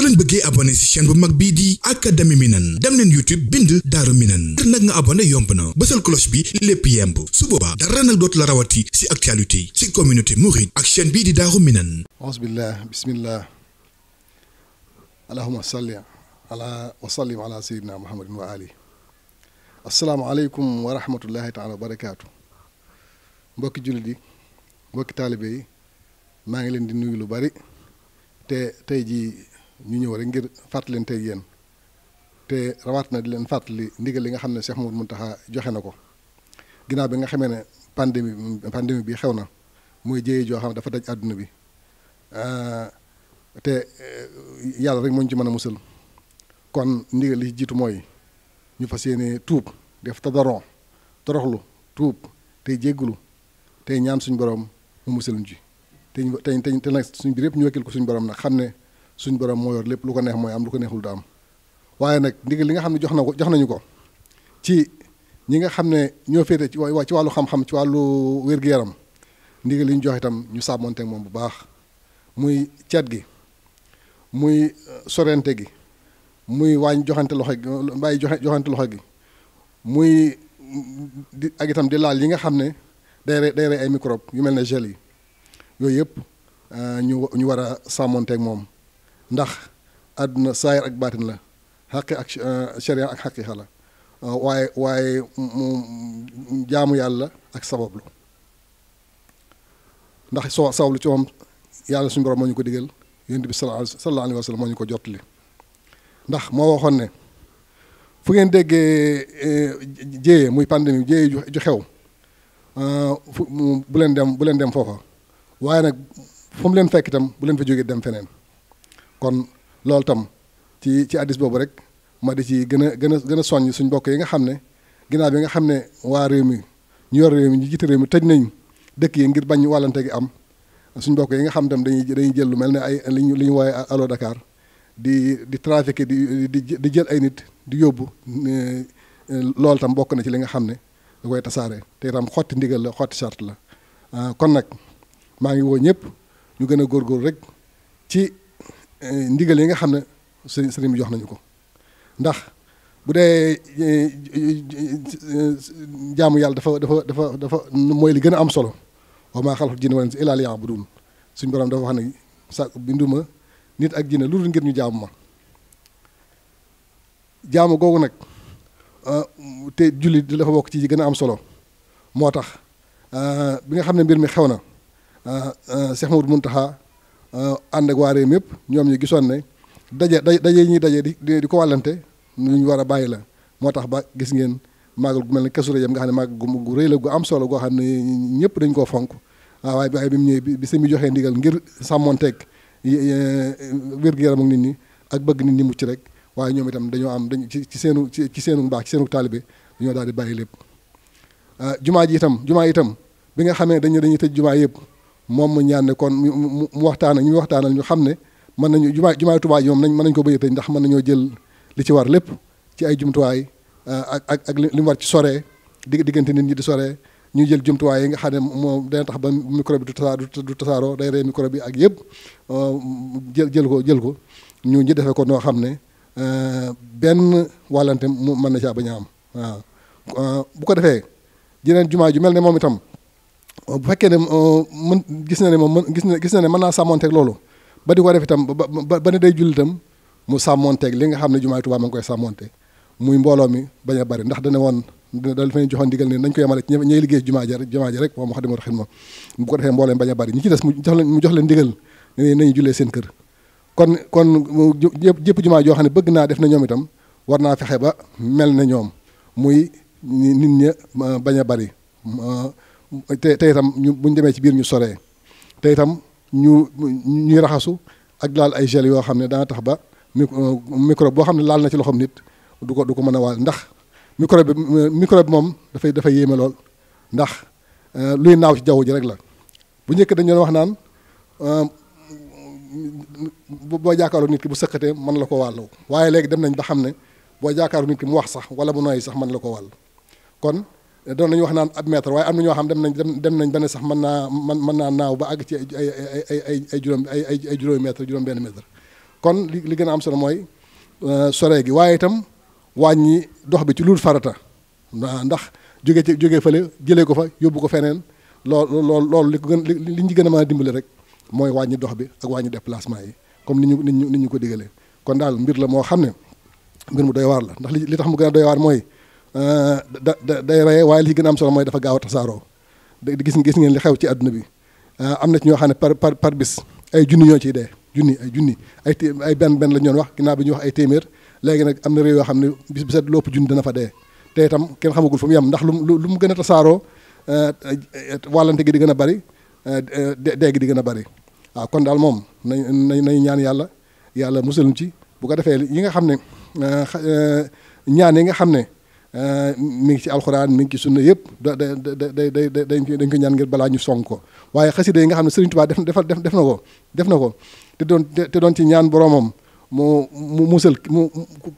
soo leen bëggee abonné ci chaîne bu mag bii di académie Minane dem leen YouTube bind Daaru Minane ngir nag nga abonné yomb na bësal cloche bi lépp yemb su boobaa dara nag dootu la rawati ci actualité ci communauté mouride ak chaîne bii di Daaru Minane ausbillah bismillah allahumma salli ala wa sallim ala sayyidina muhammadin wa ali asalaamaaleykum wa rahmatullahi taala wa barakaatu mbokki jullit yi mbokki taalibe yi maa ngi leen di nuyu lu bari te tey jii ñu ñëw rek ngir fàttalante ak yéen te rawaat na di leen fàttali ndigal li nga xam ne Cheikh Mouhamadou Mountakha joxe na ko ginnaaw bi nga xamee ne pandémie pandémie bi xew na muy jëye joo xam ne dafa daj àdduna bi te eh, yàlla rek moo ñu ci mën a musal kon ndigal li jiitu mooy ñu fas yéene tuub def tadaron toroxlu tuub tey jéggulu tey ñaan suñu borom mu musal ñu ci te te te nag suñu biir yëpp ñu wekkil ko suñu borom nag xam ne suñ borom moo yor lépp lu ko neex mooy am lu ko neexul du am waaye nag ndigal li nga xam ne jox na ko jox nañu ko ci ñi nga xam ne ñoo féete ci waa ci wàllu xam-xam ci wàllu wér-gu-yaram ndigg li ñu jox itam ñu sàmmonteeg moom bu baax muy cet gi muy euh, sorente gi muy waañ joxante loxo gi bàyyi joxante loxo gi muy mm, di ak di laal yi nga xam ne day rey day rey ay microbe yu mel ne gel yi yooyu yëpp euh, ñu ñu war a sàmmonteeg moom ndax àdduna saayir ak baatin la xaqi ak euh, sharia ak xaqiqa la euh, waaye waaye mu jaamu yàlla ak sabablu ndax soo lu ci moom yàlla suñu borom moo ñu ko digal yonent bi sallallahu alayhi wa sallam moo ñu ko jottali ndax moo waxoon ne fu ngeen déggee euh, jéyee muy pandémie jéyee ju xew bu leen dem bu leen dem foofa waaye nag fu mu leen fekk itam bu leen fa jógee dem feneen kon loolu tam ci ci addis boobu rek ma di ci gën a gën a gën soññ suñ mbokk yi nga xam ne ginnaaw bi nga xam ne waa réew mi ñu yor réew mi ñu jiite réew mi tëj nañ dëkk yi ngir bañ wàllante gi am suñ mbokk yi nga xam tam dañuy dañuy jël lu mel ne ay li ñu li ñu wooye aloo Dakar di di trafiqué di di jël ay nit di yóbbu loolu tam bokk na ci li nga xam ne da koy tasaare te itam xotti ndigal la xotti charte la ah, kon nag maa ngi woo ñëpp ñu gën a góor rek ci Eh, ndigal yi nga xam ne sëriñ sëriñ bi jox nañu ko ndax bu dee eh, eh, jaamu yàlla dafa dafa dafa dafa mooy li gën a am solo wa maa xalaqtu jinna wal bu illaa liya'buduun suñu borom dafa wax ne sa binduma nit ak jinne lu dul ngir ñu jaamu ma jaamu googu nag ah, te julli di dafa wokk ci yi gën a am solo moo tax ah, bi nga xam ne mbir mi xew na ah, Cheikh Mouhamadou Mountakha Euh, ànd ak waa réew ñoom ñu gisoon ne daje daje ñuy daje di di ko wàllante lu ñu war a bàyyi la moo tax ba gis ngeen màggal gu mel ne Kazu Rajab nga xam ne màggal gu rëy la gu am solo goo xam ne ñëpp dañ koo fonk ah, waaye waaye bi mu ñëwee bi sëñ bi joxee ndigal ngir sàmmonteeg eh, wér-gu-yaram ak nit ñi ak bëgg nit ñi mucc rek waaye ñoom itam dañoo am dañ ci seenu ci seenu mbaax ci seenu taalibe dañoo daal di bàyyi lépp ah, jumaa ji itam jumaa itam bi nga xamee dañu dañuy jumaa yëpp moom mu ñaan ne kon mu waxtaan ak ñu waxtaanal ñu xam ne mën nañu jumaa jumaay Tuubaa nañ mën nañu ko bëyee tey ndax mën jël li ci war lépp ci ay jumtuwaay euh, ak ak ak li mu ci soree di diggante nit ñi di soree ñu jël jumtuwaay yi nga xam ne moom dana tax ba micro bi du tasaaroo du tasaaroo day rey micro bi ak yëpp euh, jël jël ko jël ko ñu ñu defee ko noo xam ne euh, benn wàllante mu mën na caa bañ a am waaw bu ko defee jeneen jumaa ju mel ne moom itam bu fekkee ne euh, mën gis na ne moom man gis na gis na ne mën naa sàmmonteeg loolu ba di ko def itam ba ba ne day julli itam mu sàmmonteeg li nga xam ne jumaay Tuubaa ma ngi koy sàmmonte muy mbooloo mi bañ a bari ndax dana woon dal fa ñu joxoon digal ne nañ ko yemale ci liggéey jumaa ja jumaa ja rek moom wax dëgg yàlla xidma bu a bari ñi ci des mu jox leen mu jox leen digal ne nañu jullee seen kër kon kon jëpp jëpp jumaa joo xam ne bëgg naa def na ñoom itam war naa fexe ba mel na ñoom muy nit ña bañ a bari te te itam ñu bu ñu demee ci biir ñu soree te itam ñu ñuy raxasu ak laal ay gel yoo xam ne dana tax ba euh, microbe boo xam ne laal na ci loxoom nit du ko du ko mën a waal ndax microbe bi microbe moom dafay dafay yéeme lool ndax euh, luy naaw ci jaww ji rek la bu njëkk dañu wax naan euh, boo jàkkaarloo nit ki bu sëqatee mën la ko wàllu waaye léegi dem nañ ba xam ne boo jàkkaarloo nit ki mu wax sax wala mu noyyi sax mën la ko wàll kon doon nañu wax naan ab mètre waaye am na ñoo xam dem nañ dem nañ ba ne sax mën naa man mën naa naaw ba àgg ci ay ay ay ay ay juróom juróom benn mètre kon li li gën a am solo mooy euh, sore gi waaye itam wàññi dox bi ci luul farata ndax jóge ci jóge fële jëlee ko fa yóbbu ko feneen lool lool li ko gën li li ñu gën a maa a dimbali rek mooy wàññi dox bi ak wàññi déplacement yi comme ni ñu ni ñu ni ñu ko digalee kon daal mbir la moo xam ne mbir mu doy waar la ndax li tax mu gën a doy waar mooy Euh, da da day reye waaye li gën a am solo mooy dafa gaaw a tasaaroo di gis gis ngeen li xew ci àdduna bi euh, am na ci ñoo xam ne par par par bis ay junni ñoo ciy dee junni ay junni ay ay benn benn la ñoon wax ginaar bi ñuy wax ay téeméer léegi nag am na réew yoo xam ne bis bi set lopp junni dana fa dee te itam kenn xamagul fu ndax lu mu lu mu gën a tasaaroo euh, wàllante gi di gën a bari dee gi di gën a bari kon daal moom nañ nañ nañ ñaan yàlla yàlla musalum ci bu ko defee yi nga xam ne ñaan yi nga xam ne Euh, mi ngi ci alxuraan mi ngi ci sunna yëpp da da da day day dañ ko ñaan ngir balaa ñu song ko waaye xasida yi nga xam ne Serigne Touba def def def na ko def na ko te doon te doon ci ñaan boromam mu mu musal mu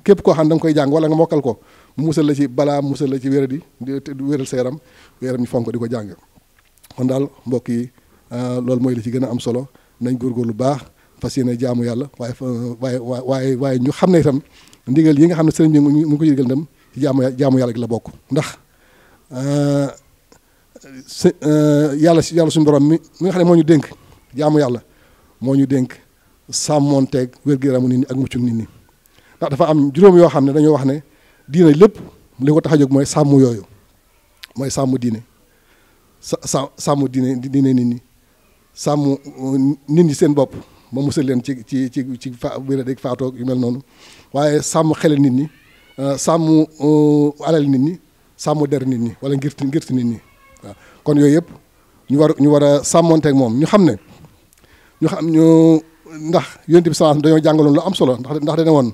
képp koo xam da nga koy jàng wala nga mokkal ko mu musal la ci balaa musal la ci wéradi wéral sa yaram yaram ñu fonk di ko jàng kon daal mbokk yi euh, loolu mooy li ci gën a am solo góor lu baax fas yéene jaamu yàlla waaye waaye waaye waaye ñu xam ne itam ndigal yi nga xam ne sëriñ bi mu ngi ko yëgal ndam jaamu jaamu yàlla gi la bokk ndax euh, s euh, yàlla si yàlla suñu borom mi mi nga xam ne moo ñu dénk jaamu yàlla moo ñu dénk sàmmoonteeg wér-gu-yaramu nit ñi ak muccu nit ñi ndax dafa am juróom yoo xam ne dañoo wax ne diine lépp li mooy sàmm yooyu mooy sàmm diine sa sa sàmm diine diine nit ñi sàmm euh, nit seen bopp ba musal leen ci ci ci ci fa wér-dég yu mel noonu waaye sàmm xele nit ñi Euh, sàmm euh, alal nit ñi sàmm der nit ñi wala ngirti ngirti nit ñi waaw kon yooyu yëpp ñu war ñu war a sàmmonteeg moom ñu xam ne ñu xam ñu ndax yonent bi sallallahu alayhi wasallam dañoo jàngaloon lu am solo ndax ndax dana woon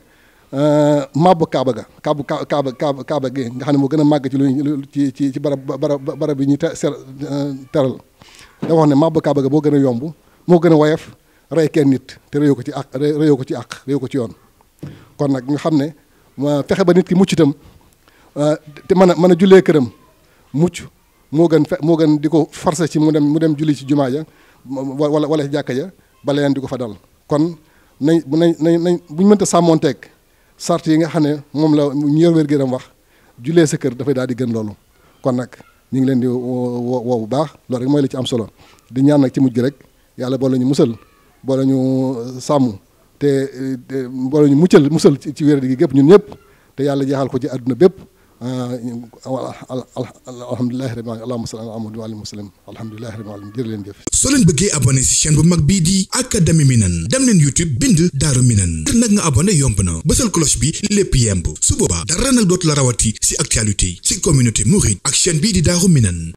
euh, màbb kaaba ga kaabu kaaba kaaba kaaba gi ndax xam ne moo gën a màgg ci lu ci ci ci barab barab barab yi ñu te teral da wax ne màbb kaaba ga boo gën a yomb moo gën a woyof rey kenn nit te réyoo ko ci àq réyoo ko ci àq réyoo ko ci yoon kon nag ñu xam ne waa fexe ba nit ki mucc itam te mën a mën a jullee këram mucc moo gën fe moo gën di ko forcé ci mu dem mu dem julli ci jumaa ja wala wala ci jàkka ja bala leen di ko fa dal kon nañ nañ nañ nañ bu ñu mënta sàmmoonteeg sart yi nga xam ne moom la ñu yor wér-gu-yaram wax jullee sa kër dafay daal di gën loolu kon nag ñu ngi leen di woo woo bu baax loolu rek mooy la ci am solo di ñaan nag ci mujj rek yàlla boole ñu musal boole ñu euh, sàmm te mbooloo ñu muccal musal ci wér gi gépp ñun ñëpp te yàlla jeexal ko ci àdduna bépp ah, alhamdulilahi rabbil alamin allahumma salli ala muhammadin wàll alihi wa sallam alhamdulilahi rabbil alamin jërë leen jëf soo leen bëggee abonné si chaîne bu mag bii di académie minan dem leen youtube bind daaru minan ngir nag nga abonné yomb na bësal cloche bi lépp yemb su boobaa dara nag dootu la rawati si actualité si communauté mouride ak chaîne bii di daaru minan